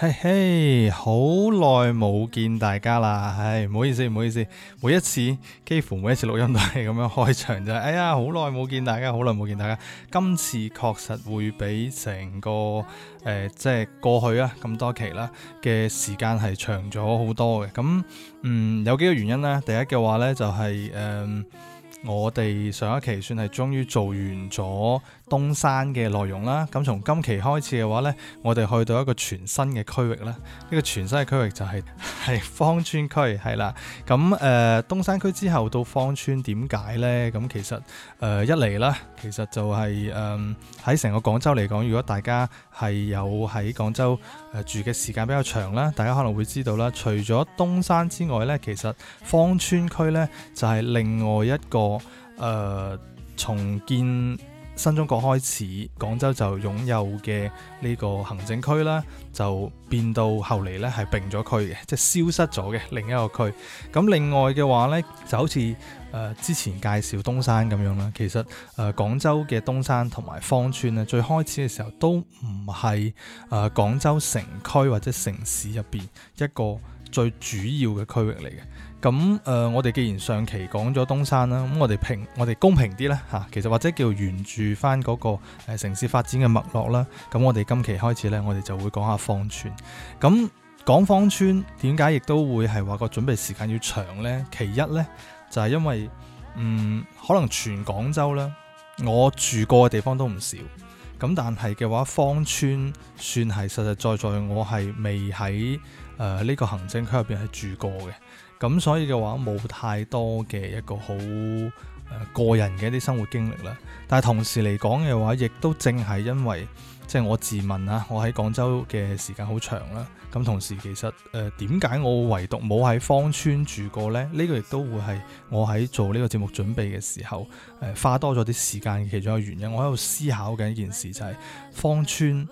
嘿嘿，好耐冇見大家啦，唉，唔好意思，唔好意思，每一次幾乎每一次錄音都係咁樣開場就，哎呀，好耐冇見大家，好耐冇見大家，今次確實會比成個誒、呃、即係過去啊咁多期啦嘅時間係長咗好多嘅，咁嗯有幾個原因咧，第一嘅話呢，就係、是、誒、呃、我哋上一期算係終於做完咗。東山嘅內容啦，咁從今期開始嘅話呢，我哋去到一個全新嘅區域啦。呢個全新嘅區域就係係芳村區係啦。咁誒、呃，東山區之後到芳村，點解呢？咁其實誒、呃、一嚟啦，其實就係誒喺成個廣州嚟講，如果大家係有喺廣州誒、呃、住嘅時間比較長啦，大家可能會知道啦。除咗東山之外呢，其實芳村區呢，就係、是、另外一個誒、呃、重建新中國開始，廣州就擁有嘅呢個行政區啦，就變到後嚟呢係並咗區嘅，即係消失咗嘅另一個區。咁另外嘅話呢，就好似誒、呃、之前介紹東山咁樣啦，其實誒、呃、廣州嘅東山同埋芳村呢，最開始嘅時候都唔係誒廣州城區或者城市入邊一個，最主要嘅區域嚟嘅，咁誒、呃，我哋既然上期講咗東山啦，咁我哋平，我哋公平啲啦。嚇、啊，其實或者叫沿住翻嗰個、呃、城市發展嘅脈絡啦，咁我哋今期開始呢，我哋就會講下芳村。咁講芳村點解亦都會係話個準備時間要長呢？其一呢，就係、是、因為嗯，可能全廣州呢，我住過嘅地方都唔少，咁但係嘅話芳村算係實實在在，在我係未喺，誒呢個行政區入邊係住過嘅，咁所以嘅話冇太多嘅一個好誒個人嘅一啲生活經歷啦。但係同時嚟講嘅話，亦都正係因為即係我自問啊，我喺廣州嘅時間好長啦。咁同時其實誒點解我唯獨冇喺芳村住過呢？呢個亦都會係我喺做呢個節目準備嘅時候誒花多咗啲時間嘅其中一個原因。我喺度思考緊一件事就係芳村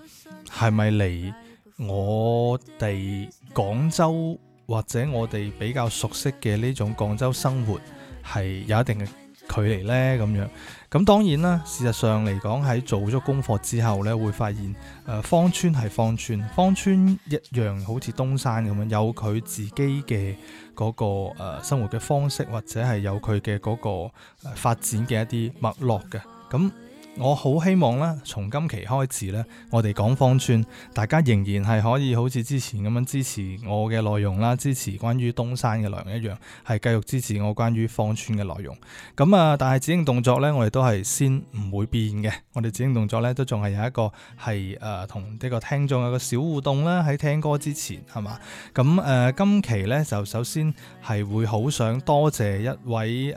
係咪嚟我哋廣州或者我哋比較熟悉嘅呢種廣州生活係有一定嘅距離呢。咁樣，咁當然啦。事實上嚟講，喺做咗功課之後呢，會發現誒芳村係芳村，芳村一樣好似東山咁樣有佢自己嘅嗰、嗰個、呃、生活嘅方式，或者係有佢嘅嗰個、呃、發展嘅一啲脈絡嘅咁。嗯我好希望咧，從今期開始咧，我哋講芳村，大家仍然係可以好似之前咁樣支持我嘅內容啦，支持關於東山嘅內容一樣，係繼續支持我關於芳村嘅內容。咁啊，但係指定動作呢，我哋都係先唔會變嘅。我哋指定動作呢，都仲係有一個係誒同呢個聽眾有個小互動啦。喺聽歌之前係嘛？咁誒、啊，今期呢，就首先係會好想多謝一位誒喺。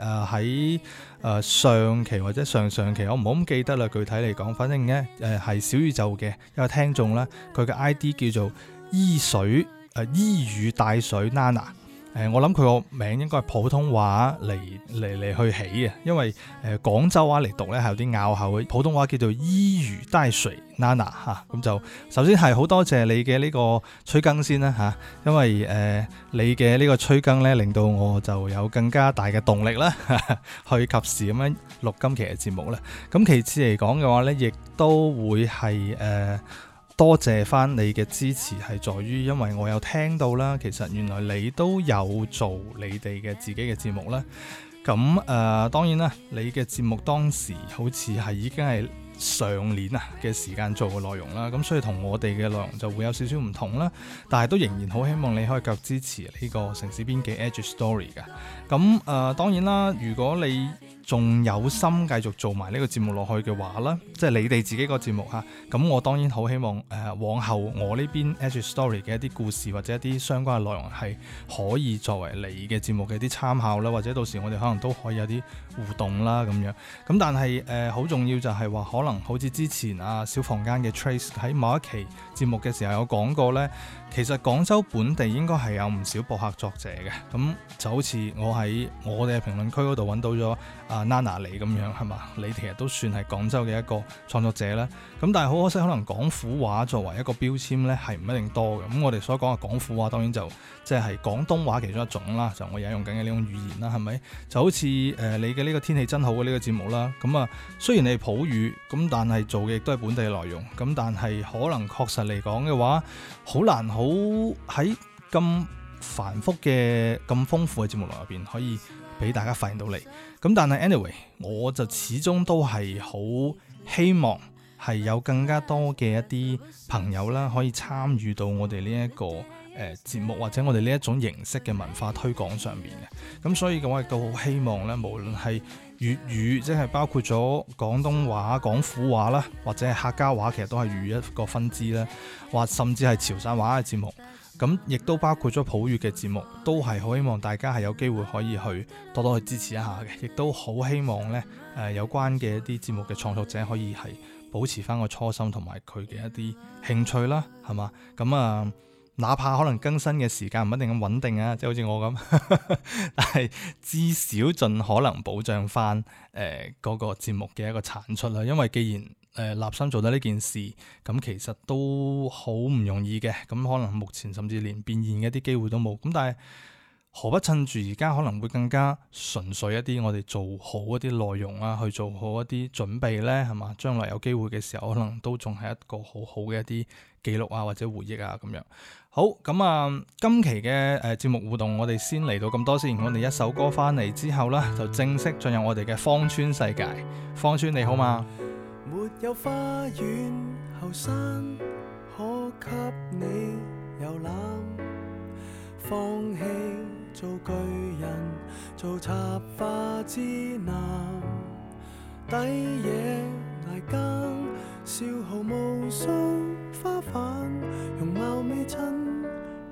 呃誒、呃、上期或者上上期，我唔好咁記得啦。具體嚟講，反正呢誒係、呃、小宇宙嘅一個聽眾啦，佢嘅 ID 叫做依水誒、呃、依雨黛水 Nana。誒、呃，我諗佢個名應該係普通話嚟嚟嚟去起啊，因為誒、呃、廣州話嚟讀咧係有啲拗口嘅，普通話叫做依雨黛水 Nana 嚇，咁、啊、就首先係好多謝你嘅呢個催更先啦嚇、啊，因為誒、呃、你嘅呢個催更咧令到我就有更加大嘅動力啦，去及時咁樣錄今期嘅節目啦。咁、啊、其次嚟講嘅話咧，亦都會係誒，呃多謝翻你嘅支持，係在於，因為我有聽到啦，其實原來你都有做你哋嘅自己嘅節目啦。咁誒、呃，當然啦，你嘅節目當時好似係已經係上年啊嘅時間做嘅內容啦，咁所以同我哋嘅內容就會有少少唔同啦。但係都仍然好希望你可以繼續支持呢個城事邊記 Edge Story 嘅。咁誒、呃，當然啦，如果你仲有心繼續做埋呢個節目落去嘅話啦，即係你哋自己個節目嚇，咁、啊、我當然好希望誒、呃，往後我呢邊 Edge Story 嘅一啲故事或者一啲相關嘅內容係可以作為你嘅節目嘅一啲參考啦，或者到時我哋可能都可以有啲互動啦咁樣。咁、嗯、但係誒，好、呃、重要就係話，可能好似之前啊小房間嘅 Tracy 喺某一期節目嘅時候有講過呢。其實廣州本地應該係有唔少播客作者嘅，咁就好似我喺我哋嘅評論區嗰度揾到咗啊娜娜你咁樣，係嘛？你其實都算係廣州嘅一個創作者啦。咁但係好可惜，可能廣府話作為一個標籤呢係唔一定多嘅。咁我哋所講嘅廣府話，當然就即係廣東話其中一種啦，就我而家用緊嘅呢種語言啦，係咪？就好似誒、呃、你嘅呢個天氣真好嘅呢個節目啦。咁啊，雖然你係普語，咁但係做嘅亦都係本地內容。咁但係可能確實嚟講嘅話，好難。好喺咁繁複嘅咁豐富嘅節目內入邊，可以俾大家發現到你。咁但係，anyway，我就始終都係好希望係有更加多嘅一啲朋友啦，可以參與到我哋呢一個誒節目或者我哋呢一種形式嘅文化推廣上面嘅。咁所以嘅我亦都好希望呢，無論係，粵語即係包括咗廣東話、廣府話啦，或者客家話，其實都係粵語一個分支啦，或甚至係潮汕話嘅節目，咁亦都包括咗普語嘅節目，都係好希望大家係有機會可以去多多去支持一下嘅，亦都好希望呢誒、呃、有關嘅一啲節目嘅創作者可以係保持翻個初心同埋佢嘅一啲興趣啦，係嘛？咁啊～、呃哪怕可能更新嘅時間唔一定咁穩定啊，即係好似我咁， 但係至少盡可能保障翻誒、呃嗰個節目嘅一個產出啦、啊。因為既然誒、呃、立心做咗呢件事，咁、嗯、其實都好唔容易嘅。咁、嗯、可能目前甚至連變現嘅一啲機會都冇。咁、嗯、但係何不趁住而家可能會更加純粹一啲，我哋做好一啲內容啊，去做好一啲準備咧，係嘛？將來有機會嘅時候，可能都仲係一個好好嘅一啲記錄啊，或者回憶啊咁樣。好咁啊！今期嘅誒節目互動，我哋先嚟到咁多先。我哋一首歌翻嚟之後咧，就正式進入我哋嘅芳村世界。芳村你好嘛？沒有花園，後生可給你遊覽。放棄做巨人，做插花之男，抵夜捱更，消耗無數花瓣，容貌未襯。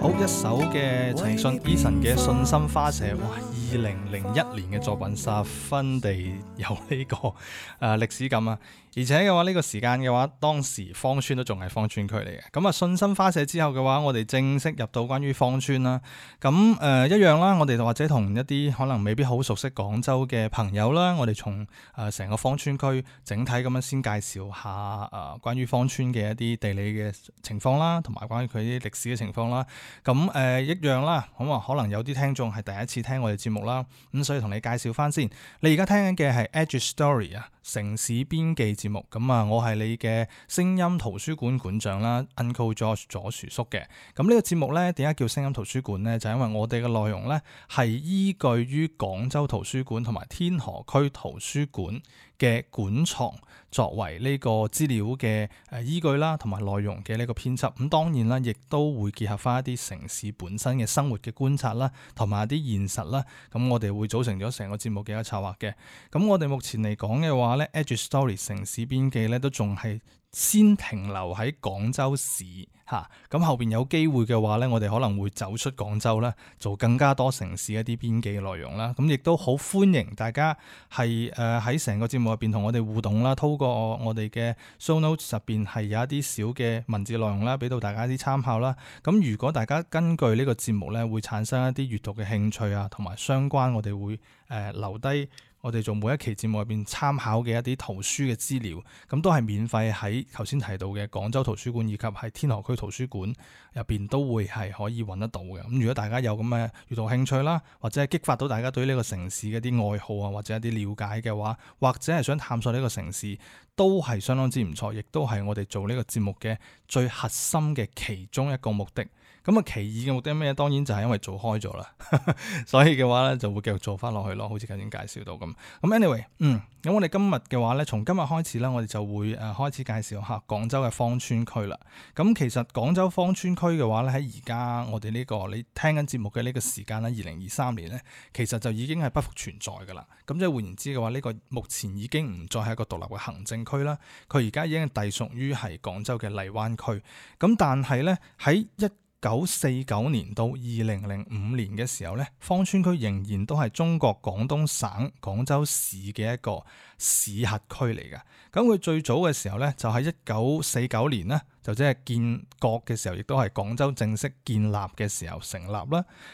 好一首嘅陳奕迅 Eason 嘅信心花舍哇。二零零一年嘅作品，十分地有呢個誒、呃、歷史感啊！而且嘅話呢、這個時間嘅話，當時芳村都仲係芳村區嚟嘅。咁、嗯、啊，信心花舍之後嘅話，我哋正式入到關於芳村啦。咁、嗯、誒、呃、一樣啦，我哋或者同一啲可能未必好熟悉廣州嘅朋友啦，我哋從誒成個芳村區整體咁樣先介紹下誒、呃、關於芳村嘅一啲地理嘅情況啦，同埋關於佢啲歷史嘅情況啦。咁、嗯、誒、呃、一樣啦，咁啊可能有啲聽眾係第一次聽我哋節目。啦，咁所以同你介紹翻先，你而家聽緊嘅係 Edge Story 啊，城事邊記節目，咁、嗯、啊，我係你嘅聲音圖書館館長啦，Uncle Josh 左左薯叔嘅，咁、嗯、呢、呢個節目咧，點解叫聲音圖書館咧？就係、因為我哋嘅內容咧係依據於廣州圖書館同埋天河區圖書館。嘅館藏作為呢個資料嘅誒依據啦，同埋內容嘅呢個編輯，咁、嗯、當然啦，亦都會結合翻一啲城市本身嘅生活嘅觀察啦，同埋一啲現實啦，咁、嗯、我哋會組成咗成個節目嘅一策劃嘅。咁、嗯、我哋目前嚟講嘅話呢 Edge Story 城事邊記呢，都仲係先停留喺廣州市嚇，咁、啊、後邊有機會嘅話呢，我哋可能會走出廣州啦，做更加多城市一啲邊記嘅內容啦。咁、啊、亦都好歡迎大家係誒喺成個節目入邊同我哋互動啦、啊，透過我哋嘅 show notes 入邊係有一啲小嘅文字內容啦，俾、啊、到大家啲參考啦。咁、啊、如果大家根據呢個節目呢，會產生一啲閲讀嘅興趣啊，同埋相關我，我哋會誒留低。我哋做每一期節目入邊參考嘅一啲圖書嘅資料，咁都係免費喺頭先提到嘅廣州圖書館以及喺天河區圖書館入邊都會係可以揾得到嘅。咁如果大家有咁嘅閲讀興趣啦，或者係激發到大家對於呢個城市嘅啲愛好啊，或者一啲了解嘅話，或者係想探索呢個城市，都係相當之唔錯，亦都係我哋做呢個節目嘅最核心嘅其中一個目的。咁啊，其二嘅目的係咩？當然就係因為做開咗啦， 所以嘅話咧就會繼續做翻落去咯，好似頭先介紹到咁。咁 anyway，嗯，咁我哋今日嘅話咧，從今日開始咧，我哋就會誒開始介紹下廣州嘅芳村區啦。咁其實廣州芳村區嘅話咧，喺而家我哋呢個你聽緊節目嘅呢個時間咧，二零二三年咧，其實就已經係不復存在㗎啦。咁即係換言之嘅話，呢個目前已經唔再係一個獨立嘅行政區啦。佢而家已經隸屬於係廣州嘅荔灣區。咁但係咧喺一九四九年到二零零五年嘅時候咧，芳村區仍然都係中國廣東省廣州市嘅一個市轄區嚟㗎。咁佢最早嘅時候咧，就喺一九四九年呢，就即係建國嘅時候，亦都係廣州正式建立嘅時候成立啦。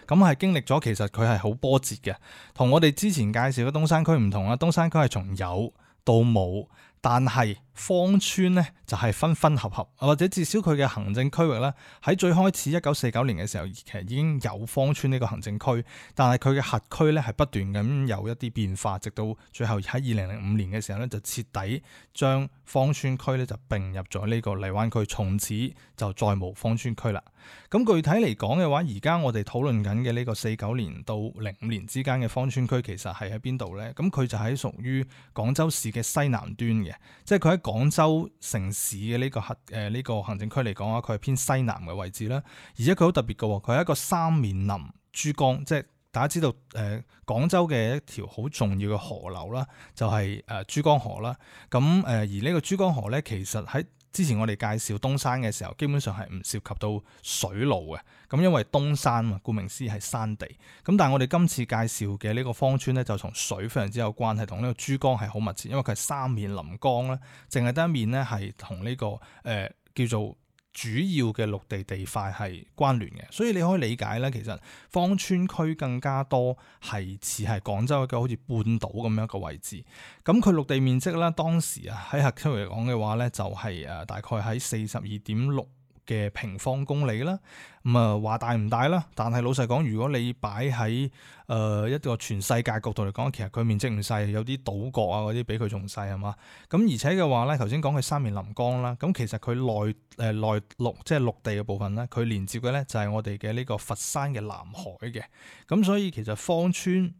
咁係經歷咗，其實佢係好波折嘅，同我哋之前介紹嘅東山區唔同呀。東山區係從有到冇。但係，芳村咧就係、是、分分合合，或者至少佢嘅行政區域咧，喺最開始一九四九年嘅時候，其實已經有芳村呢個行政區，但係佢嘅轄區咧係不斷咁有一啲變化，直到最後喺二零零五年嘅時候咧，就徹底將芳村區咧就並入咗呢個荔灣區，從此就再無芳村區啦。咁具體嚟講嘅話，而家我哋討論緊嘅呢個四九年到零五年之間嘅芳村區，其實係喺邊度咧？咁佢就喺屬於廣州市嘅西南端嘅，即係佢喺廣州城市嘅呢、這個核誒呢個行政區嚟講啊，佢係偏西南嘅位置啦。而且佢好特別嘅喎，佢係一個三面臨珠江，即係大家知道誒、呃、廣州嘅一條好重要嘅河流啦，就係、是、誒、呃、珠江河啦。咁誒、呃、而呢個珠江河咧，其實喺之前我哋介紹東山嘅時候，基本上係唔涉及到水路嘅，咁因為東山啊，顧名思義係山地。咁但係我哋今次介紹嘅呢個芳村呢，就同水非常之有關係，同呢個珠江係好密切，因為佢係三面臨江咧，淨係得一面呢、這個，係同呢個誒叫做。主要嘅陸地地塊係關聯嘅，所以你可以理解咧，其實芳村區更加多係似係廣州一個好似半島咁樣一個位置，咁，佢陸地面積咧，當時啊，喺客廳嚟講嘅話咧，就係、是、誒、呃、大概喺四十二點六。嘅平方公里啦，咁啊話大唔大啦？但係老實講，如果你擺喺誒一個全世界角度嚟講，其實佢面積唔細，有啲島國啊嗰啲比佢仲細係嘛？咁而且嘅話咧，頭先講，佢三面臨江啦，咁其實，佢內誒內陸即係陸地嘅部分咧，佢連接嘅咧就係我哋嘅呢個佛山嘅南海嘅。咁所以其實芳村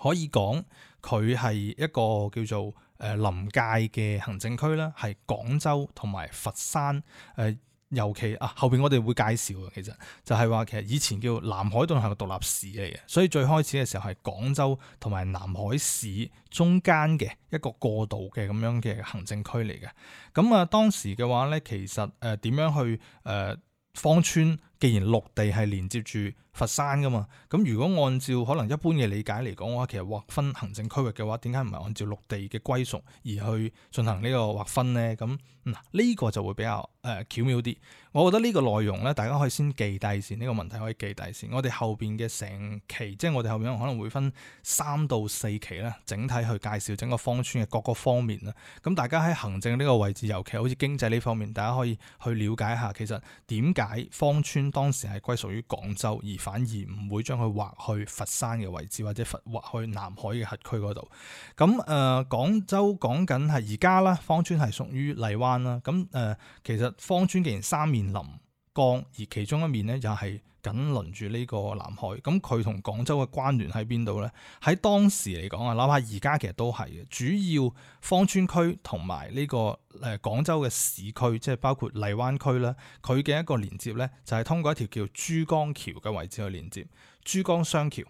可以講，佢係一個叫做誒臨界嘅行政區啦，係廣州同埋佛山誒。呃尤其啊，後邊我哋會介紹嘅，其實就係話其實以前叫南海都係個獨立市嚟嘅，所以最開始嘅時候係廣州同埋南海市中間嘅一個過渡嘅咁樣嘅行政區嚟嘅。咁、嗯、啊當時嘅話咧，其實誒點、呃、樣去誒、呃、芳村？既然陸地係連接住佛山㗎嘛，咁如果按照可能一般嘅理解嚟講嘅話，我其實劃分行政區域嘅話，點解唔係按照陸地嘅歸屬而去進行呢個劃分呢？咁嗱，呢、嗯呢個就會比較誒、呃、巧妙啲。我覺得呢個內容呢，大家可以先記低先。呢、呢個問題可以記低先。我哋後邊嘅成期，即係我哋後面可能會分三到四期啦，整體去介紹整個芳村嘅各個方面啦。咁大家喺行政呢個位置，尤其好似經濟呢方面，大家可以去了解下，其實點解芳村？當時係歸屬於廣州，而反而唔會將佢劃去佛山嘅位置，或者佛劃去南海嘅核區嗰度。咁、嗯、誒，廣、呃、州講緊係而家啦，芳村係屬於荔灣啦。咁、嗯、誒、呃，其實芳村既然三面臨江，而其中一面咧又係。緊鄰住呢個南海，咁佢同廣州嘅關聯喺邊度呢？喺當時嚟講啊，哪怕而家其實都係嘅，主要芳村區同埋呢個誒廣州嘅市區，即係包括荔灣區啦，佢嘅一個連接呢，就係通過一條叫珠江橋嘅位置去連接珠江雙橋，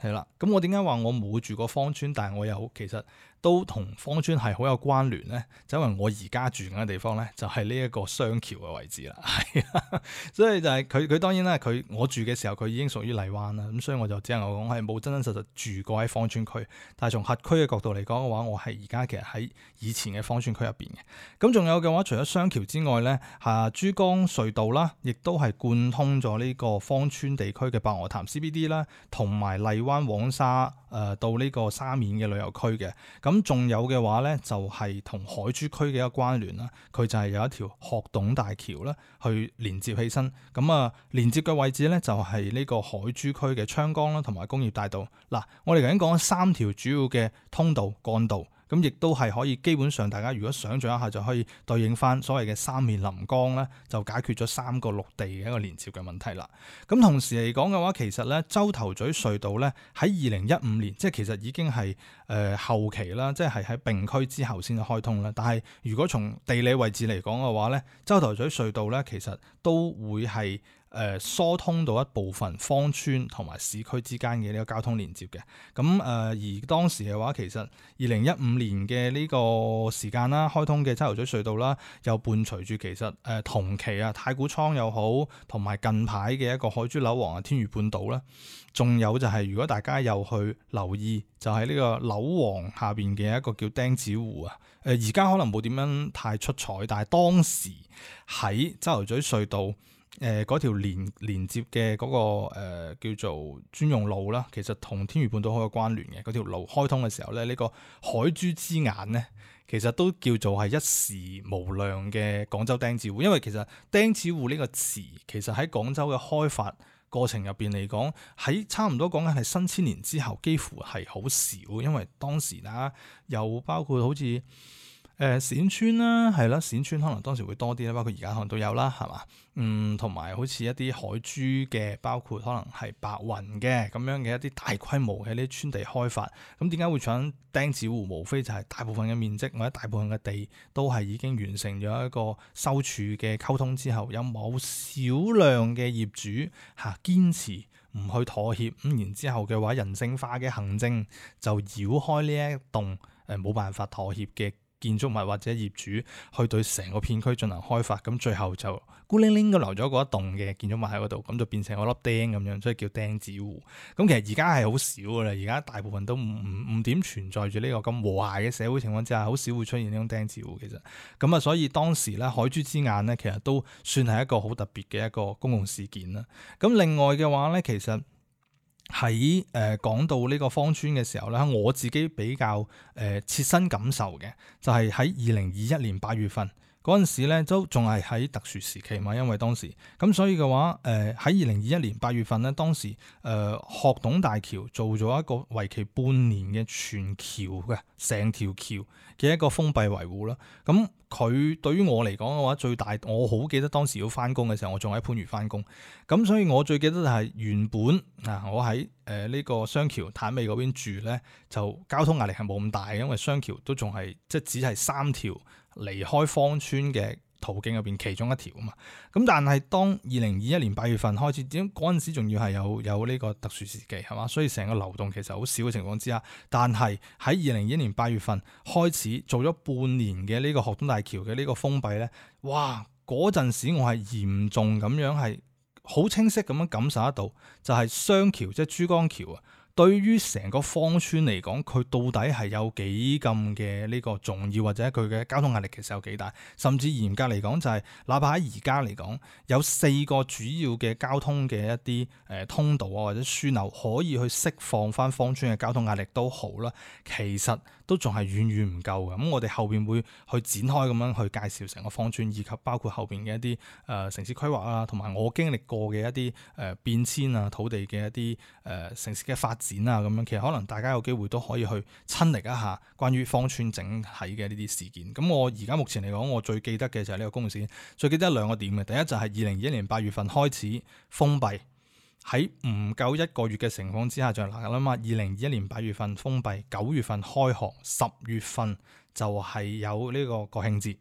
係啦。咁我點解話我冇住過芳村，但係我又其實，都同芳村係好有關聯咧，就是、因為我而家住緊嘅地方咧，就係呢一個雙橋嘅位置啦，係啊，所以就係佢佢當然啦，佢我住嘅時候佢已經屬於荔灣啦，咁、嗯、所以我就只能夠講係冇真真實實住過喺芳村區，但係從轄區嘅角度嚟講嘅話，我係而家其實喺以前嘅芳村區入邊嘅。咁仲有嘅話，除咗雙橋之外咧，嚇、啊、珠江隧道啦，亦都係貫通咗呢個芳村地區嘅白鵝潭 CBD 啦，同埋荔灣黃沙誒、呃、到呢個沙面嘅旅遊區嘅。咁、嗯咁仲有嘅話呢，就係、是、同海珠區嘅一個關聯啦。佢就係有一條鶴洞大橋啦，去連接起身。咁啊，連接嘅位置呢，就係呢個海珠區嘅昌崗啦，同埋工業大道嗱。我哋頭先講咗三條主要嘅通道幹道。咁亦都係可以，基本上大家如果想象一下就可以對應翻所謂嘅三面臨江咧，就解決咗三個陸地嘅一個連接嘅問題啦。咁、嗯、同時嚟講嘅話，其實咧洲頭咀隧道咧喺二零一五年，即係其實已經係誒、呃、後期啦，即係喺併區之後先至開通啦。但係如果從地理位置嚟講嘅話咧，洲頭咀隧道咧其實都會係。誒疏通到一部分芳村同埋市區之間嘅呢個交通連接嘅，咁、嗯、誒、呃、而當時嘅話，其實二零一五年嘅呢個時間啦，開通嘅洲頭咀隧道啦，又伴隨住其實誒、呃、同期啊，太古倉又好，同埋近排嘅一個海珠樓王啊，天譽半島啦，仲有就係如果大家有去留意，就喺、是、呢個樓王下邊嘅一個叫釘子戶啊，誒而家可能冇點樣太出彩，但係當時喺洲頭咀隧道。誒嗰、呃、條連，連接嘅嗰、那個、呃、叫做專用路啦，其實同天譽半島好有關聯嘅嗰條路開通嘅時候咧，呢、這個海珠之眼咧，其實都叫做係一時無量嘅廣州釘子戶，因為其實釘子戶呢個詞其實喺廣州嘅開發過程入邊嚟講，喺差唔多講緊係新千年之後，幾乎係好少，因為當時啦，又包括好似。誒、呃、冼村啦、啊，係啦、啊，冼村可能當時會多啲啦，包括而家可能都有啦，係嘛？嗯，同埋好似一啲海珠嘅，包括可能係白雲嘅咁樣嘅一啲大規模嘅呢啲村地開發，咁點解會搶釘子戶？無非就係大部分嘅面積或者大部分嘅地都係已經完成咗一個收儲嘅溝通之後，有冇少量嘅業主嚇堅持唔去妥協，咁、嗯、然之後嘅話，人性化嘅行政就繞開呢一棟誒冇、呃、辦法妥協嘅。建築物或者業主去對成個片區進行開發，咁最後就孤零零嘅留咗嗰一棟嘅建築物喺嗰度，咁就變成個粒釘咁樣，所以叫釘子戶。咁其實而家係好少噶啦，而家大部分都唔唔點存在住呢個咁和諧嘅社會情況之下，好少會出現呢種釘子戶。其實咁啊，所以當時咧海珠之眼咧，其實都算係一個好特別嘅一個公共事件啦。咁另外嘅話咧，其實。喺誒講到呢個芳村嘅時候呢，我自己比較誒、呃、切身感受嘅，就係喺二零二一年八月份。嗰陣時咧都仲係喺特殊時期嘛，因為當時咁，所以嘅話，誒喺二零二一年八月份呢，當時誒、呃、鶴洞大橋做咗一個為期半年嘅全橋嘅成條橋嘅一個封閉維護啦。咁、嗯、佢對於我嚟講嘅話，最大我好記得當時要翻工嘅時候，我仲喺番禺翻工。咁、嗯、所以我最記得就係原本啊，我喺誒呢個雙橋坦尾嗰邊住呢，就交通壓力係冇咁大，因為雙橋都仲係即只係三條，離開芳村嘅途徑入邊其中一條啊嘛，咁但係當二零二一年八月份開始，點嗰陣時仲要係有有呢個特殊時期係嘛，所以成個流動其實好少嘅情況之下，但係喺二零二一年八月份開始做咗半年嘅呢個鶴洞大橋嘅呢個封閉呢。哇！嗰陣時我係嚴重咁樣係好清晰咁樣感受得到就，就係雙橋即係珠江橋啊！對於成個芳村嚟講，佢到底係有幾咁嘅呢個重要，或者佢嘅交通壓力其實有幾大？甚至嚴格嚟講，就是，就係哪怕喺而家嚟講，有四個主要嘅交通嘅一啲誒通道啊，或者樞紐可以去釋放翻芳村嘅交通壓力都好啦。其實。都仲係遠遠唔夠嘅，咁我哋後邊會去展開咁樣去介紹成個芳村，以及包括後邊嘅一啲誒、呃、城市規劃啊，同埋我經歷過嘅一啲誒、呃、變遷啊、土地嘅一啲誒、呃、城市嘅發展啊，咁樣其實可能大家有機會都可以去親歷一下關於芳村整體嘅呢啲事件。咁我而家目前嚟講，我最記得嘅就係呢個公共事件，最記得兩個點嘅，第一就係二零二一年八月份開始封閉。喺唔夠一個月嘅情況之下，就嚟啦嘛。二零二一年八月份封閉，九月份開學，十月份就係有呢個國慶節。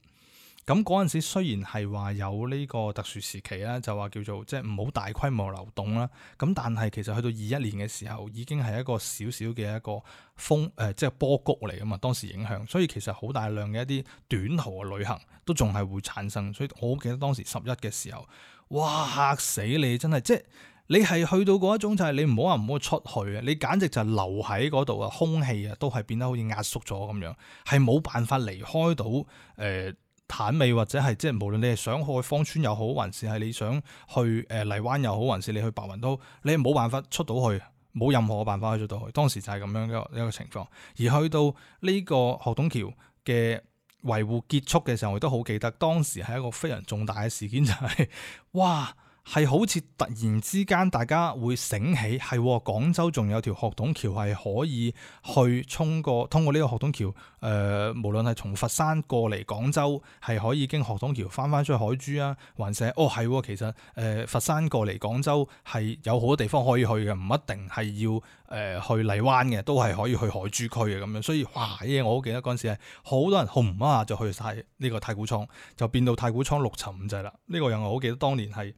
咁嗰陣時雖然係話有呢個特殊時期啦，就話叫做即係唔好大規模流動啦。咁但係其實去到二一年嘅時候，已經係一個小小嘅一個風誒，即、呃、係、就是、波谷嚟㗎嘛。當時影響，所以其實好大量嘅一啲短途嘅旅行都仲係會產生。所以我記得當時十一嘅時候，哇嚇死你！真係即係～你係去到嗰一種就係你唔好話唔好出去啊！你簡直就係留喺嗰度啊，空氣啊都係變得好似壓縮咗咁樣，係冇辦法離開到誒、呃、坦尾或者係即係無論你係想去芳村又好，還是係你想去誒荔灣又好，還是你去白雲都，你係冇辦法出到去，冇任何嘅辦法出到去。當時就係咁樣一個一個情況。而去到呢個鶴洞橋嘅維護結束嘅時候，我都好記得當時係一個非常重大嘅事件，就係哇！係好似突然之間，大家會醒起，係、哦、廣州仲有條鶴洞橋係可以去衝過，通過呢個鶴洞橋。誒、呃，無論係從佛山過嚟廣州，係可以經鶴洞橋翻翻出去海珠啊，或是、哦、係喎係其實誒、呃、佛山過嚟廣州係有好多地方可以去嘅，唔一定係要誒、呃、去荔灣嘅，都係可以去海珠區嘅咁樣。所以哇，呢嘢我好記得嗰陣時係好多人，紅一下就去晒呢個太古倉，就變到太古倉六沉五滯啦。呢、呢個人我好記得當年係。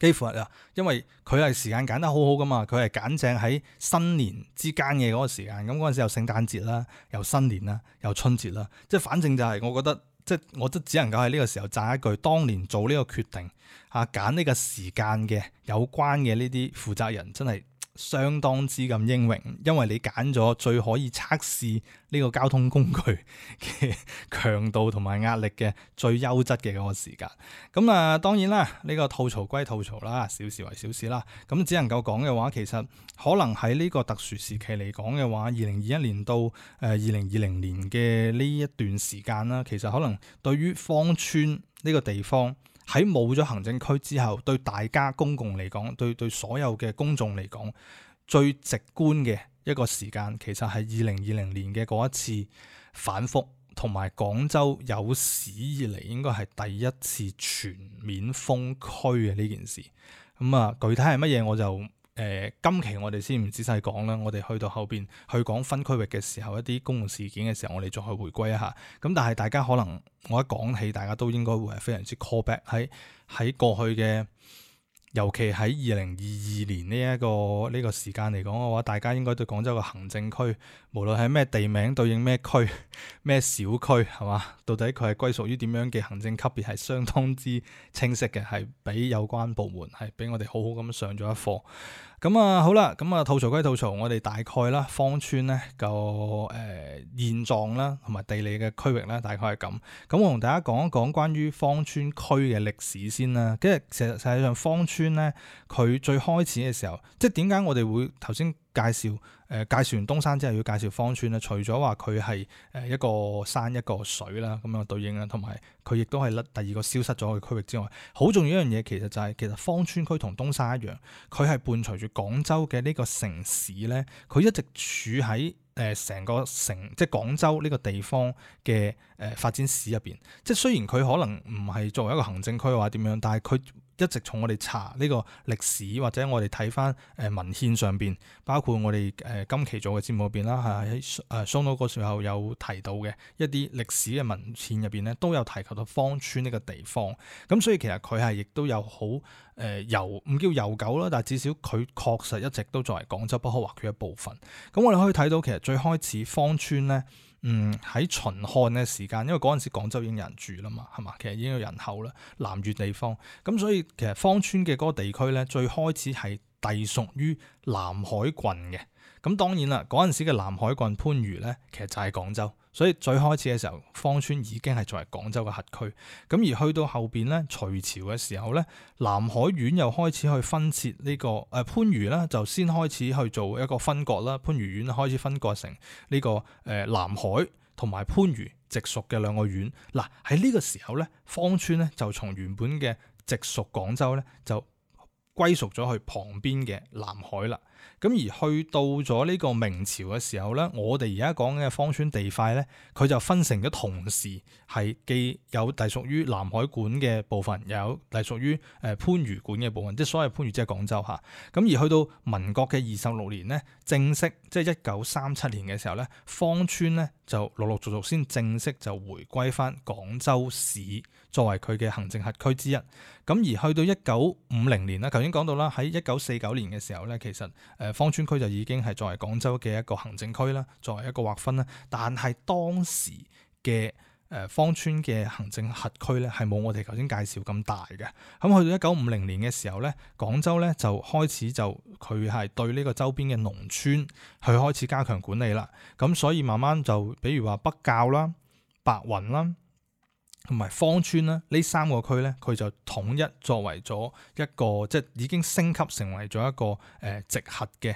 幾乎係啊，因為佢係時間揀得好好噶嘛，佢係揀正喺新年之間嘅嗰個時間，咁嗰陣時又聖誕節啦，又新年啦，又春節啦，即係反正就係我覺得，即係我都只能夠喺呢個時候讚一句，當年做呢個決定嚇，揀、啊、呢個時間嘅有關嘅呢啲負責人真係。相當之咁英明，因為你揀咗最可以測試呢個交通工具嘅 強度同埋壓力嘅最優質嘅嗰個時間。咁啊，當然啦，呢、呢個吐槽歸吐槽啦，小事為小事啦。咁只能夠講嘅話，其實可能喺呢個特殊時期嚟講嘅話，二零二一年到誒二零二零年嘅呢一段時間啦，其實可能對於芳村呢個地方。喺冇咗行政區之後，對大家公共嚟講，對對，對所有嘅公眾嚟講，最直觀嘅一個時間，其實係二零二零年嘅嗰一次反覆，同埋廣州有史以嚟應該係第一次全面封區嘅呢件事。咁、嗯、啊，具體係乜嘢我就～誒、呃，今期我哋先唔仔細講啦。我哋去到後邊去講分區域嘅時候，一啲公共事件嘅時候，我哋再去回歸一下。咁但係大家可能我一講起，大家都應該會係非常之 call back 喺喺過去嘅，尤其喺二零二二年呢一個呢個時間嚟講嘅話，大家應該對廣州嘅行政區，無論係咩地名對應咩區咩小區係嘛，到底佢係歸屬於點樣嘅行政級別係相當之清晰嘅，係俾有關部門係俾我哋好好咁上咗一課。咁啊，好啦，咁啊，吐槽歸吐槽，我哋大概啦，芳村咧就誒現狀啦，同埋地理嘅區域啦，大概係咁。咁我同大家講一講關於芳村區嘅歷史先啦。跟住實實際上芳村咧，佢最開始嘅時候，即係點解我哋會頭先介紹？誒、呃、介紹完東山之後，要介紹芳村咧。除咗話佢係誒一個山一個水啦，咁樣對應啦，同埋佢亦都係甩第二個消失咗嘅區域之外，好重要一樣嘢其實就係、是、其實芳村區同東山一樣，佢係伴隨住廣州嘅呢個城市呢。佢一直處喺誒成個城即係廣州呢個地方嘅誒發展史入邊。即係雖然佢可能唔係作為一個行政區或點樣，但係佢。一直從我哋查呢個歷史，或者我哋睇翻誒文獻上邊，包括我哋誒今期做嘅節目入邊啦，喺誒蘇諾個時候有提到嘅一啲歷史嘅文獻入邊咧，都有提及到芳村呢個地方。咁所以其實佢係亦都有好誒悠唔叫悠久啦，但係至少佢確實一直都作為廣州不可或缺嘅部分。咁我哋可以睇到，其實最開始芳村咧。嗯，喺秦漢嘅時間，因為嗰陣時廣州已經有人住啦嘛，係嘛，其實已經有人口啦。南越地方咁，所以其實芳村嘅嗰個地區呢，最開始係隸屬於南海郡嘅。咁當然啦，嗰陣時嘅南海郡番禺呢，其實就係廣州。所以最開始嘅時候，芳村已經係作為廣州嘅轄區。咁而去到後邊呢，隋朝嘅時候呢，南海縣又開始去分設呢、這個誒番禺啦，呃、就先開始去做一個分割啦。番禺縣開始分割成呢、這個誒、呃、南海同埋番禺直屬嘅兩個縣。嗱喺呢個時候呢，芳村呢，就從原本嘅直屬廣州呢，就歸屬咗去旁邊嘅南海啦。咁而去到咗呢個明朝嘅時候呢，我哋而家講嘅芳村地塊呢，佢就分成咗，同時係既有隸屬於南海管嘅部分，又有隸屬於誒番禺管嘅部分，即係所謂番禺即係廣州嚇。咁而去到民國嘅二十六年呢，正式即係一九三七年嘅時候呢，芳村呢就陸陸續續先正式就回歸翻廣州市作為佢嘅行政轄區之一。咁而去到一九五零年啦，頭先講到啦，喺一九四九年嘅時候呢，其實。誒芳、呃、村區就已經係作為廣州嘅一個行政區啦，作為一個劃分啦。但係當時嘅誒芳村嘅行政轄區咧，係冇我哋頭先介紹咁大嘅。咁、嗯、去到一九五零年嘅時候咧，廣州咧就開始就佢係對呢個周邊嘅農村去開始加強管理啦。咁所以慢慢就，比如話北滘啦、白雲啦、同埋芳村啦，呢三個區咧，佢就統一作為咗一個即係已經升級成為咗一個誒、呃、直轄嘅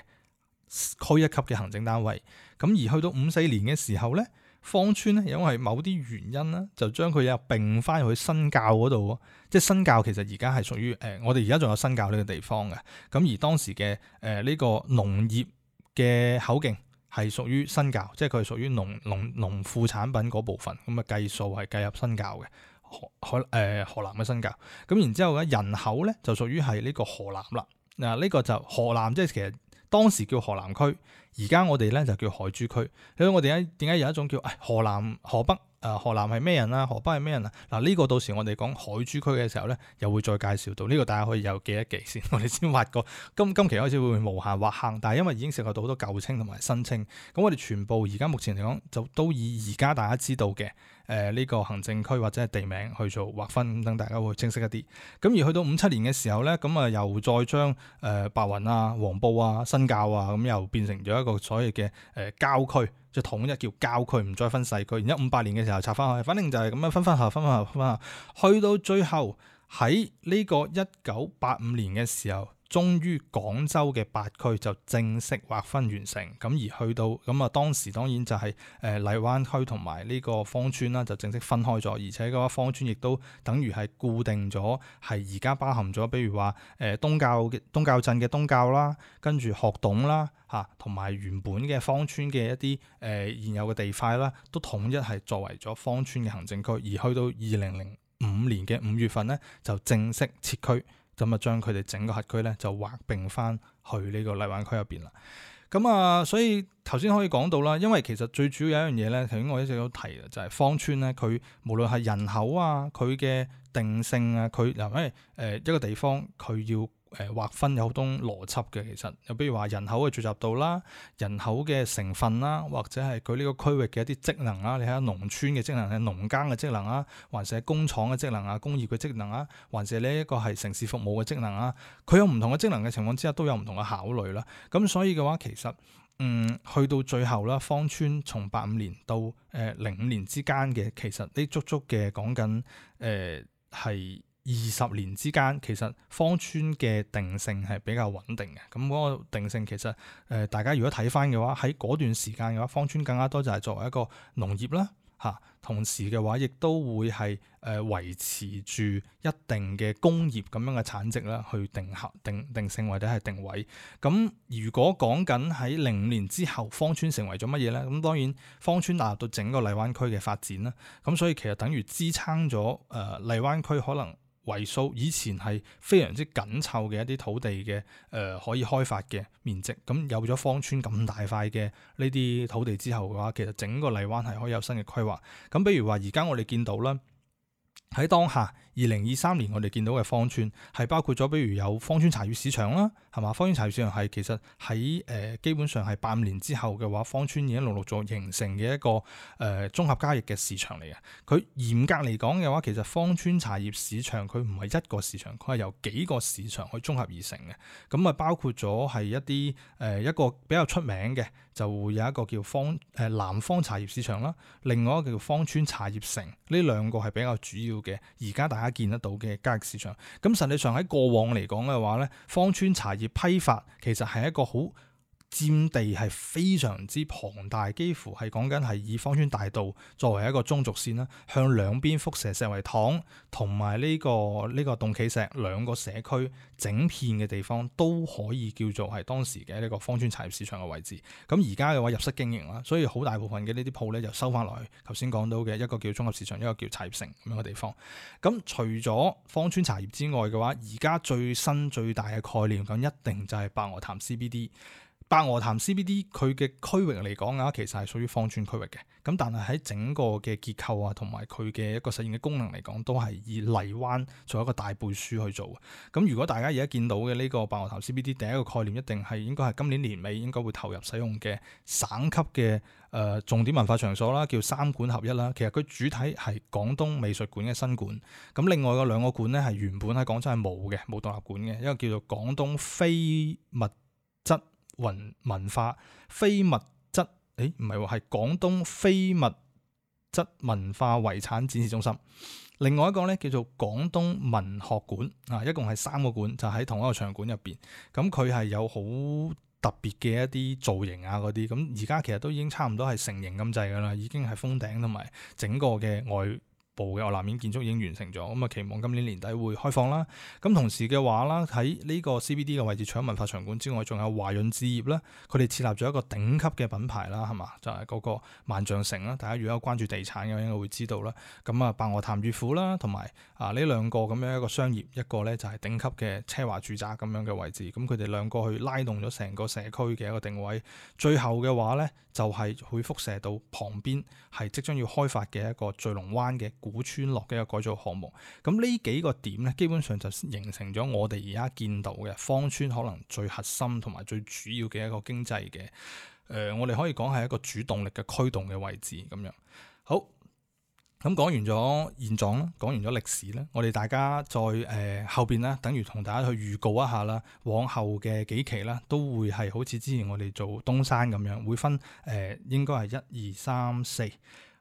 區一級嘅行政單位。咁而去到五四年嘅時候咧，芳村咧因為某啲原因啦，就將佢又並翻去新滘嗰度咯。即係新滘其實而家係屬於誒、呃，我哋而家仲有新滘呢個地方嘅。咁而當時嘅誒呢個農業嘅口徑。係屬於新教，即係佢係屬於農農農副產品嗰部分，咁啊計數係計入新教嘅河河誒河南嘅新教，咁然之後咧，人口咧就屬於係呢個河南啦，嗱、這、呢個就河南即係其實。當時叫河南區，而家我哋咧就叫海珠區。咁我哋咧點解有一種叫、哎、河南、河北？誒、呃，河南係咩人啊？河北係咩人啊？嗱，呢個到時我哋講海珠區嘅時候咧，又會再介紹到。呢、這個大家可以有記一記先。我哋先挖過今今期開始會，會無限挖坑，但係因為已經涉及到好多舊稱同埋新稱，咁我哋全部而家目前嚟講就都以而家大家知道嘅。誒呢、呃呢個行政區或者係地名去做劃分，等大家會清晰一啲。咁而去到五七年嘅時候呢，咁啊又再將誒白雲啊、黃埔啊、新滘啊，咁又變成咗一個所謂嘅誒、呃、郊區，即係統一叫郊區，唔再分細區。然之後五八年嘅時候拆翻去，反正就係咁樣分分合分分合分合。去到最後喺呢個一九八五年嘅時候。終於廣州嘅八區就正式劃分完成，咁而去到咁啊當時當然就係誒荔灣區同埋呢個芳村啦、啊，就正式分開咗，而且嗰個芳村亦都等於係固定咗，係而家包含咗，比如話誒、呃、東漖嘅東漖鎮嘅東漖啦，跟住鶴洞啦嚇，同、啊、埋原本嘅芳村嘅一啲誒、呃、現有嘅地塊啦，都統一係作為咗芳村嘅行政區，而去到二零零五年嘅五月份呢，就正式撤區。咁啊，將佢哋整個轄區咧就劃並翻去呢個荔灣區入邊啦。咁、嗯、啊，所以頭先可以講到啦，因為其實最主要有一樣嘢咧，頭先我一直都提嘅就係、是、芳村咧，佢無論係人口啊、佢嘅定性啊、佢嗱因為一個地方佢要。誒劃分有好多邏輯嘅，其實又比如話人口嘅聚集度啦、人口嘅成分啦，或者係佢呢個區域嘅一啲職能啦。你睇下農村嘅職能係農耕嘅職能啊，還是係工廠嘅職能啊、工業嘅職能啊，還是呢一個係城市服務嘅職能啊。佢有唔同嘅職能嘅情況之下，都有唔同嘅考慮啦。咁所以嘅話，其實嗯，去到最後啦，芳村從八五年到誒零五年之間嘅，其實呢足足嘅講緊誒係。呃二十年之間，其實芳村嘅定性係比較穩定嘅。咁、那、嗰個定性其實，誒、呃、大家如果睇返嘅話，喺嗰段時間嘅話，芳村更加多就係作為一個農業啦，嚇、啊。同時嘅話，亦都會係誒、呃、維持住一定嘅工業咁樣嘅產值啦，去定核定定，定性或者係定位。咁如果講緊喺零五年之後，芳村成為咗乜嘢呢？咁當然，芳村納入到整個荔灣區嘅發展啦。咁所以其實等於支撐咗誒、呃、荔灣區可能。位數以前係非常之緊湊嘅一啲土地嘅誒、呃、可以開發嘅面積，咁有咗芳村咁大塊嘅呢啲土地之後嘅話，其實整個荔灣係可以有新嘅規劃。咁比如話，而家我哋見到啦，喺當下。二零二三年我哋見到嘅芳村係包括咗，比如有芳村茶葉市場啦，係嘛？芳村茶葉市場係其實喺誒、呃、基本上係八五年之後嘅話，芳村已經陸陸續形成嘅一個誒綜、呃、合交易嘅市場嚟嘅。佢嚴格嚟講嘅話，其實芳村茶葉市場佢唔係一個市場，佢係由幾個市場去綜合而成嘅。咁、嗯、啊包括咗係一啲誒、呃、一個比較出名嘅，就會有一個叫方誒、呃、南方茶葉市場啦，另外一個叫芳村茶葉城，呢兩個係比較主要嘅。而家大。大家見得到嘅交易市場，咁實際上喺過往嚟講嘅話咧，芳村茶葉批發其實係一個好。佔地係非常之龐大，幾乎係講緊係以芳村大道作為一個中軸線啦，向兩邊輻射石圍塘同埋呢個呢、呢個洞企石兩個社區整片嘅地方都可以叫做係當時嘅呢個芳村茶葉市場嘅位置。咁而家嘅話入室經營啦，所以好大部分嘅呢啲鋪呢就收翻落去，頭先講到嘅一個叫綜合市場，一個叫茶葉城咁樣嘅地方。咁、嗯、除咗芳村茶葉之外嘅話，而家最新最大嘅概念咁一定就係白鵝潭 C B D。白鵝潭 C B D 佢嘅區域嚟講啊，其實係屬於芳村區域嘅。咁但係喺整個嘅結構啊，同埋佢嘅一個實現嘅功能嚟講，都係以荔灣做一個大背書去做。咁如果大家而家見到嘅呢個白鵝潭 C B D 第一個概念，一定係應該係今年年尾應該會投入使用嘅省級嘅誒、呃、重點文化場所啦，叫三館合一啦。其實佢主體係廣東美術館嘅新館，咁另外嗰兩個館咧係原本喺廣州係冇嘅，冇獨立館嘅，一個叫做廣東非物質文文化，非物質誒、唔係喎，係廣東非物質文化遺產展示中心，另外一個呢，叫做廣東文學館啊，一共係三個館，就喺同一個場館入邊，咁佢係有好特別嘅一啲造型啊嗰啲，咁而家其實都已經差唔多係成形咁滯噶啦，已經係封頂同埋整個嘅外。部嘅南面建築已經完成咗，咁啊期望今年年底會開放啦。咁同時嘅話啦，喺呢個 CBD 嘅位置除咗文化場館之外，仲有華潤置業啦，佢哋設立咗一個頂級嘅品牌啦，係嘛？就係嗰個萬象城啦。大家如果有關注地產嘅，應該會知道啦。咁啊，白鵝潭悅府啦，同埋啊呢兩個咁樣一個商業一個呢就係頂級嘅奢華住宅咁樣嘅位置。咁佢哋兩個去拉動咗成個社區嘅一個定位。最後嘅話呢。就係會輻射到旁邊，係即將要開發嘅一個聚龍灣嘅古村落嘅一個改造項目。咁呢幾個點咧，基本上就形成咗我哋而家見到嘅芳村可能最核心同埋最主要嘅一個經濟嘅，誒、呃，我哋可以講係一個主動力嘅驅動嘅位置咁樣。好。咁講完咗現狀咧，講完咗歷史咧，我哋大家再誒、呃、後邊咧，等於同大家去預告一下啦。往後嘅幾期咧，都會係好似之前我哋做東山咁樣，會分誒、呃、應該係一二三四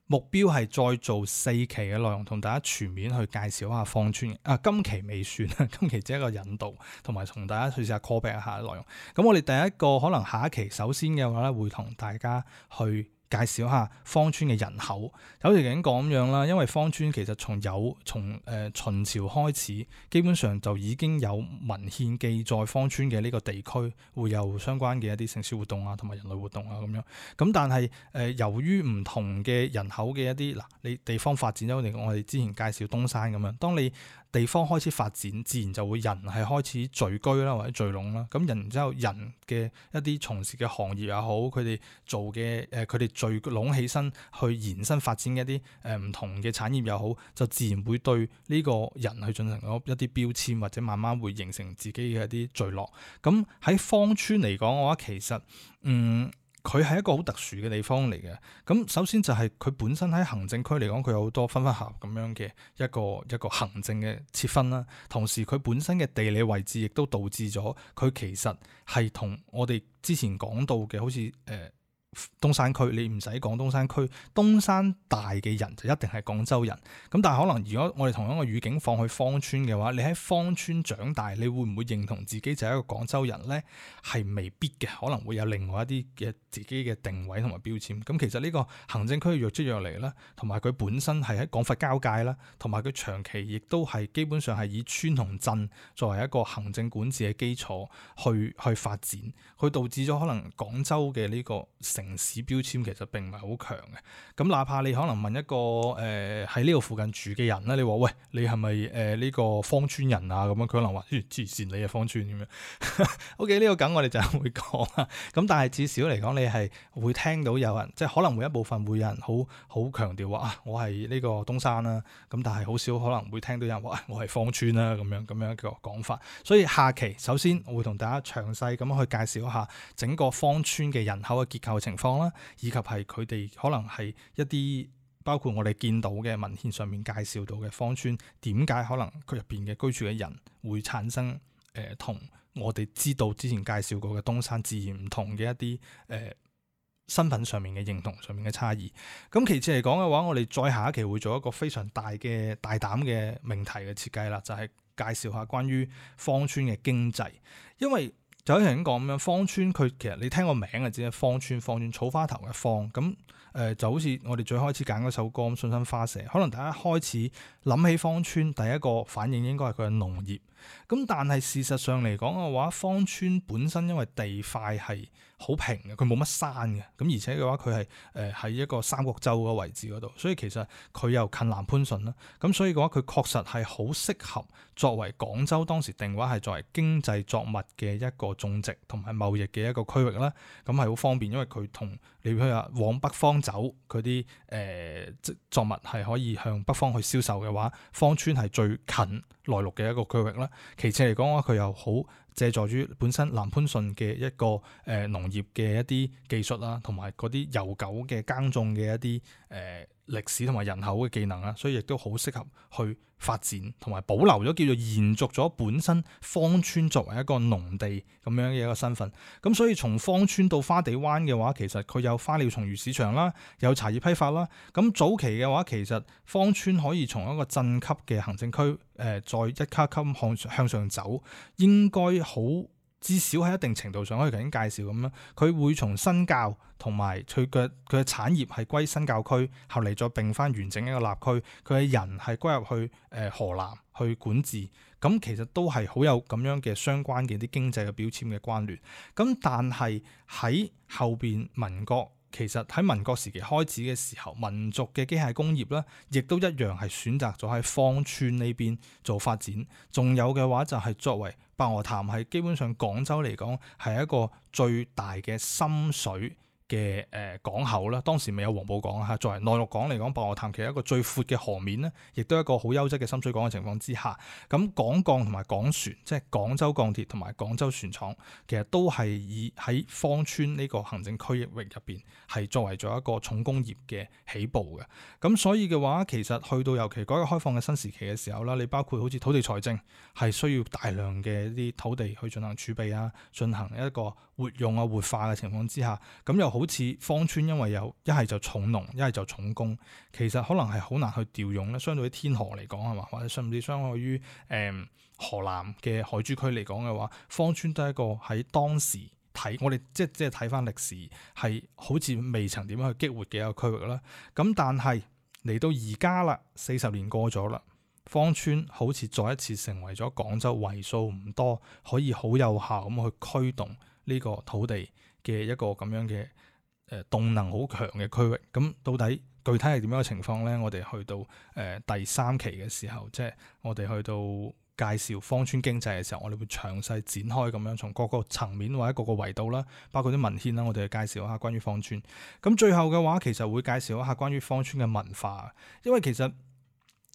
目標係再做四期嘅內容，同大家全面去介紹一下芳村。啊，今期未算，今期只係一個引導，同埋同大家去試下 callback 一下內容。咁我哋第一個可能下一期首先嘅話咧，會同大家去。介紹下芳村嘅人口，就好似經講咁樣啦。因為芳村其實從有從誒、呃、秦朝開始，基本上就已經有文獻記載芳村嘅呢個地區會有相關嘅一啲城市活動啊，同埋人類活動啊咁樣。咁但係誒、呃、由於唔同嘅人口嘅一啲嗱、呃，你地方發展，咗為我哋之前介紹東山咁樣，當你地方開始發展，自然就會人係開始聚居啦，或者聚攏啦。咁人然之後，人嘅一啲從事嘅行業又好，佢哋做嘅誒，佢、呃、哋聚攏起身去延伸發展嘅一啲誒唔同嘅產業又好，就自然會對呢個人去進行咗一啲標籤，或者慢慢會形成自己嘅一啲聚落。咁喺芳村嚟講嘅話，我覺得其實嗯。佢係一個好特殊嘅地方嚟嘅。咁首先就係佢本身喺行政區嚟講，佢有好多分分合合咁樣嘅一個一個行政嘅切分啦。同時佢本身嘅地理位置亦都導致咗佢其實係同我哋之前講到嘅好似誒。呃東山區，你唔使講東山區，東山大嘅人就一定係廣州人。咁但係可能如果我哋同一個語境放去芳村嘅話，你喺芳村長大，你會唔會認同自己就係一個廣州人呢？係未必嘅，可能會有另外一啲嘅自己嘅定位同埋標籤。咁其實呢個行政區嘅若即若嚟，啦，同埋佢本身係喺廣佛交界啦，同埋佢長期亦都係基本上係以村同鎮作為一個行政管治嘅基礎去去發展，佢導致咗可能廣州嘅呢個城市標籤其實並唔係好強嘅，咁哪怕你可能問一個誒喺呢度附近住嘅人咧，你話喂你係咪誒呢個芳村人啊？咁樣佢可能話説黐線你係芳村咁樣。 O.K. 呢個梗我哋就係會講，咁但係至少嚟講你係會聽到有人，即係可能每一部分會有人好好強調話、啊、我係呢個東山啦、啊，咁但係好少可能會聽到有人話、啊、我係芳村啦、啊、咁樣咁樣嘅講法。所以下期首先我會同大家詳細咁去介紹一下整個芳村嘅人口嘅結構情。情況啦，以及係佢哋可能係一啲包括我哋見到嘅文獻上面介紹到嘅芳村，點解可能佢入邊嘅居住嘅人會產生誒同、呃、我哋知道之前介紹過嘅東山自然唔同嘅一啲誒、呃、身份上面嘅認同上面嘅差異。咁、嗯、其次嚟講嘅話，我哋再下一期會做一個非常大嘅大膽嘅命題嘅設計啦，就係、是、介紹下關於芳村嘅經濟，因為。就好似人咁講咁樣，芳村佢其實你聽個名就只係芳村，芳村草花頭嘅芳，咁、嗯、誒就好似我哋最開始揀嗰首歌咁，信心花舍，可能大家開始諗起芳村，第一個反應應該係佢嘅農業。咁但係事實上嚟講嘅話，芳村本身因為地塊係好平嘅，佢冇乜山嘅，咁而且嘅話佢係誒喺一個三角洲個位置嗰度，所以其實佢又近南番順啦，咁所以嘅話佢確實係好適合作為廣州當時定位係作為經濟作物嘅一個種植同埋貿易嘅一個區域啦，咁係好方便，因為佢同你譬如話往北方走，佢啲誒即作物係可以向北方去銷售嘅話，芳村係最近內陸嘅一個區域啦。其次嚟講嘅話，佢又好借助於本身南番順嘅一個誒農業嘅一啲技術啦，同埋嗰啲悠久嘅耕種嘅一啲誒歷史同埋人口嘅技能啦，所以亦都好適合去發展同埋保留咗叫做延續咗本身芳村作為一個農地咁樣嘅一個身份，咁所以從芳村到花地灣嘅話，其實佢有花鳥蟲魚市場啦，有茶葉批發啦，咁早期嘅話其實芳村可以從一個鎮級嘅行政區，誒、呃、再一卡級向向上走，應該好。至少喺一定程度上可以頭先介紹咁樣，佢會從新教同埋佢嘅佢嘅產業係歸新教區，後嚟再並翻完整一個立區，佢嘅人係歸入去誒、呃、河南去管治，咁、嗯、其實都係好有咁樣嘅相關嘅啲經濟嘅標籤嘅關聯，咁、嗯、但係喺後邊民國。其實喺民國時期開始嘅時候，民族嘅機械工業啦，亦都一樣係選擇咗喺芳村呢邊做發展。仲有嘅話就係作為白鵝潭係，係基本上廣州嚟講係一個最大嘅深水嘅誒港口啦，當時未有黃埔港吓，作為內陸港嚟講，白鵝潭其實一個最闊嘅河面咧，亦都係一個好優質嘅深水港嘅情況之下，咁廣鋼同埋廣船，即係廣州鋼鐵同埋廣州船廠，其實都係以喺芳村呢個行政區域入邊係作為咗一個重工業嘅起步嘅。咁所以嘅話其實去到尤其改革開放嘅新時期嘅時候啦，你包括好似土地財政係需要大量嘅一啲土地去進行儲備啊，進行一個活用啊活化嘅情況之下，咁又好。好似芳村，因為有，一係就重農，一係就重工，其實可能係好難去調用咧。相對於天河嚟講係嘛，或者甚至相對於誒、嗯、河南嘅海珠區嚟講嘅話，芳村都係一個喺當時睇，我哋即係即係睇翻歷史，係好似未曾點樣去激活嘅一個區域啦。咁但係嚟到而家啦，四十年過咗啦，芳村好似再一次成為咗廣州為數唔多可以好有效咁去驅動呢個土地嘅一個咁樣嘅。誒動能好強嘅區域，咁到底具體係點樣嘅情況呢？我哋去到誒、呃、第三期嘅時候，即係我哋去到介紹芳村經濟嘅時候，我哋會詳細展開咁樣，從各個層面或者各個維度啦，包括啲文獻啦，我哋去介紹一下關於芳村。咁最後嘅話，其實會介紹一下關於芳村嘅文化，因為其實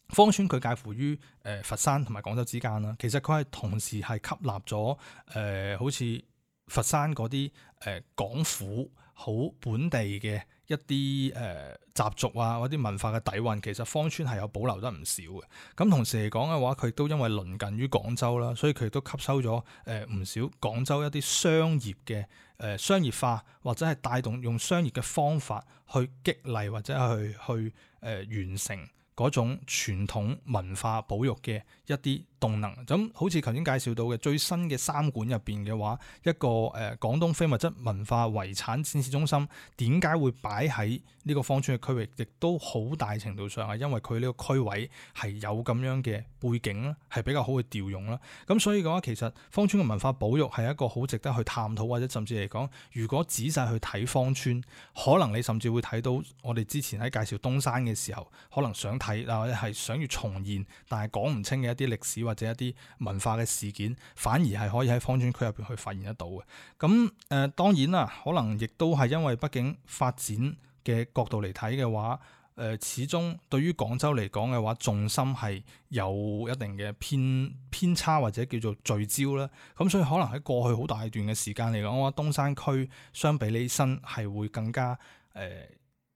芳村佢介乎於誒、呃、佛山同埋廣州之間啦，其實佢係同時係吸納咗誒、呃，好似佛山嗰啲誒廣府。好本地嘅一啲誒習俗啊，嗰啲文化嘅底蘊，其實芳村係有保留得唔少嘅。咁同時嚟講嘅話，佢都因為鄰近於廣州啦，所以佢都吸收咗誒唔少廣州一啲商業嘅誒、呃、商業化，或者係帶動用商業嘅方法去激勵或者去去誒、呃、完成嗰種傳統文化保育嘅一啲。動能咁好似頭先介紹到嘅最新嘅三館入邊嘅話，一個誒廣東非物質文化遺產展示中心點解會擺喺呢個芳村嘅區域？亦都好大程度上係因為佢呢個區位係有咁樣嘅背景咧，係比較好去調用啦。咁所以嘅話其實芳村嘅文化保育係一個好值得去探討，或者甚至嚟講，如果仔細去睇芳村，可能你甚至會睇到我哋之前喺介紹東山嘅時候，可能想睇啊，或者係想要重現，但係講唔清嘅一啲歷史。或者一啲文化嘅事件，反而係可以喺芳村區入邊去發現得到嘅。咁誒、呃，當然啦，可能亦都係因為畢竟發展嘅角度嚟睇嘅話，誒、呃、始終對於廣州嚟講嘅話，重心係有一定嘅偏偏差或者叫做聚焦啦。咁所以可能喺過去好大段嘅時間嚟講，我話東山區相比起身係會更加誒。呃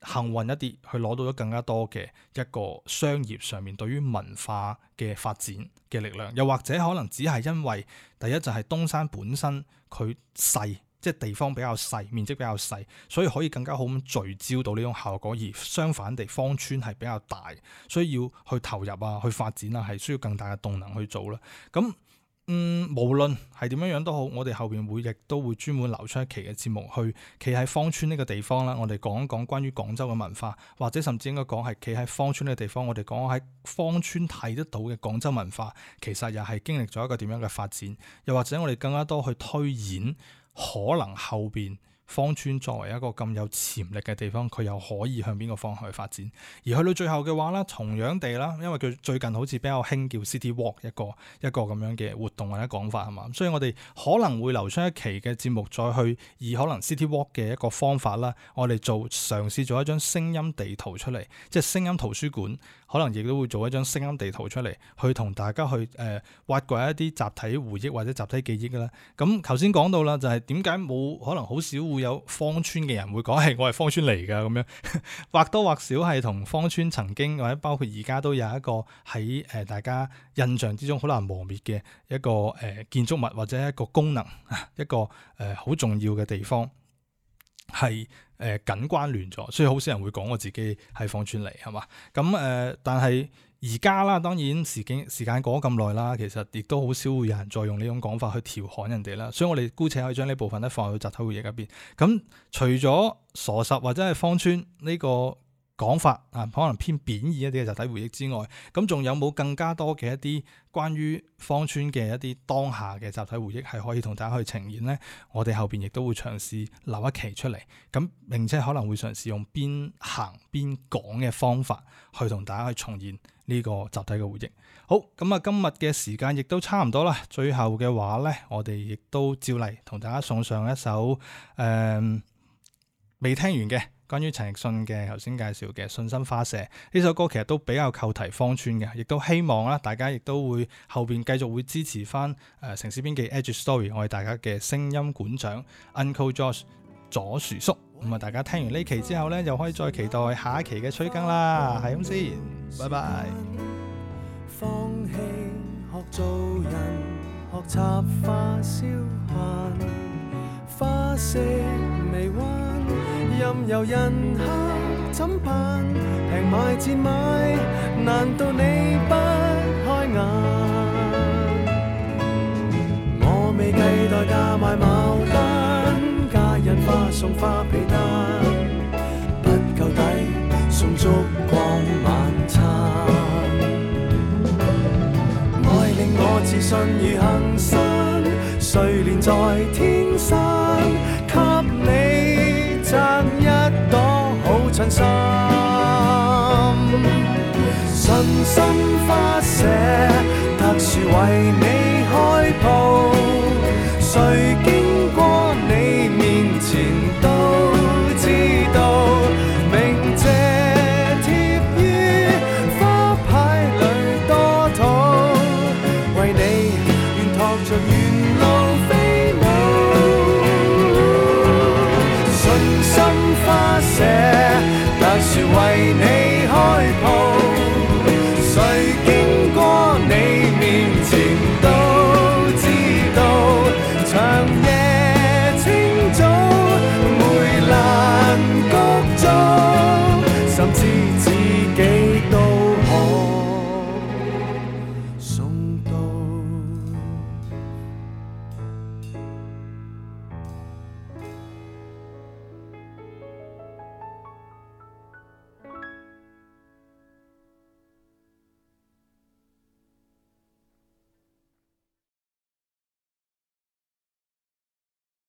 幸運一啲，去攞到咗更加多嘅一個商業上面對於文化嘅發展嘅力量，又或者可能只係因為第一就係東山本身佢細，即係地方比較細，面積比較細，所以可以更加好咁聚焦到呢種效果，而相反地芳村係比較大，所以要去投入啊，去發展啊，係需要更大嘅動能去做啦。咁。嗯，無論係點樣樣都好，我哋後邊會亦都會專門留出一期嘅節目去企喺芳村呢個地方啦。我哋講一講關於廣州嘅文化，或者甚至應該講係企喺芳村呢個地方，我哋講喺芳村睇得到嘅廣州文化，其實又係經歷咗一個點樣嘅發展，又或者我哋更加多去推演可能後邊。芳村作為一個咁有潛力嘅地方，佢又可以向邊個方向去發展？而去到最後嘅話咧，同樣地啦，因為佢最近好似比較興叫 City Walk 一個一個咁樣嘅活動或者講法係嘛，所以我哋可能會留出一期嘅節目再去，以可能 City Walk 嘅一個方法啦，我哋做嘗試做一張聲音地圖出嚟，即係聲音圖書館。可能亦都會做一張聲音地圖出嚟，去同大家去誒、呃、挖掘一啲集體回憶或者集體記憶啦。咁頭先講到啦，就係點解冇可能好少會有芳村嘅人會講係、哎、我係芳村嚟㗎咁樣， 或多或少係同芳村曾經或者包括而家都有一個喺誒大家印象之中好難磨滅嘅一個誒、呃、建築物或者一個功能，一個誒好、呃、重要嘅地方係。誒緊關聯咗，所以好少人會講我自己係芳村嚟，係嘛？咁誒、呃，但係而家啦，當然時景時間過咗咁耐啦，其實亦都好少會有人再用呢種講法去調侃人哋啦。所以我哋姑且可以將呢部分咧放喺集體回憶入邊。咁除咗傻十或者係芳村呢個。講法啊，可能偏貶義一啲嘅集體回憶之外，咁仲有冇更加多嘅一啲關於芳村嘅一啲當下嘅集體回憶，係可以同大家去呈現呢？我哋後邊亦都會嘗試留一期出嚟，咁並且可能會嘗試用邊行邊講嘅方法去同大家去重現呢個集體嘅回憶。好，咁、嗯、啊，今日嘅時間亦都差唔多啦。最後嘅話呢，我哋亦都照例同大家送上一首誒未、嗯、聽完嘅。關於陳奕迅嘅頭先介紹嘅《信心花舍》呢首歌，其實都比較扣題芳村嘅，亦都希望啦，大家亦都會後邊繼續會支持翻誒、呃、城事邊記 Edge Story，我係大家嘅聲音館長 Uncle Josh 左薯叔，咁、嗯、啊，大家聽完呢期之後咧，又可以再期待下一期嘅催更啦，係咁先，拜拜。放棄學做人，學插花燒飯任由人客怎辦？平賣賤賣，難道你不開眼？我未計代價賣牡丹，加印花送花被單，不夠抵送燭光晚餐。愛令我自信如恆山，睡蓮在天山。信心花舍，特殊為你開鋪。誰見？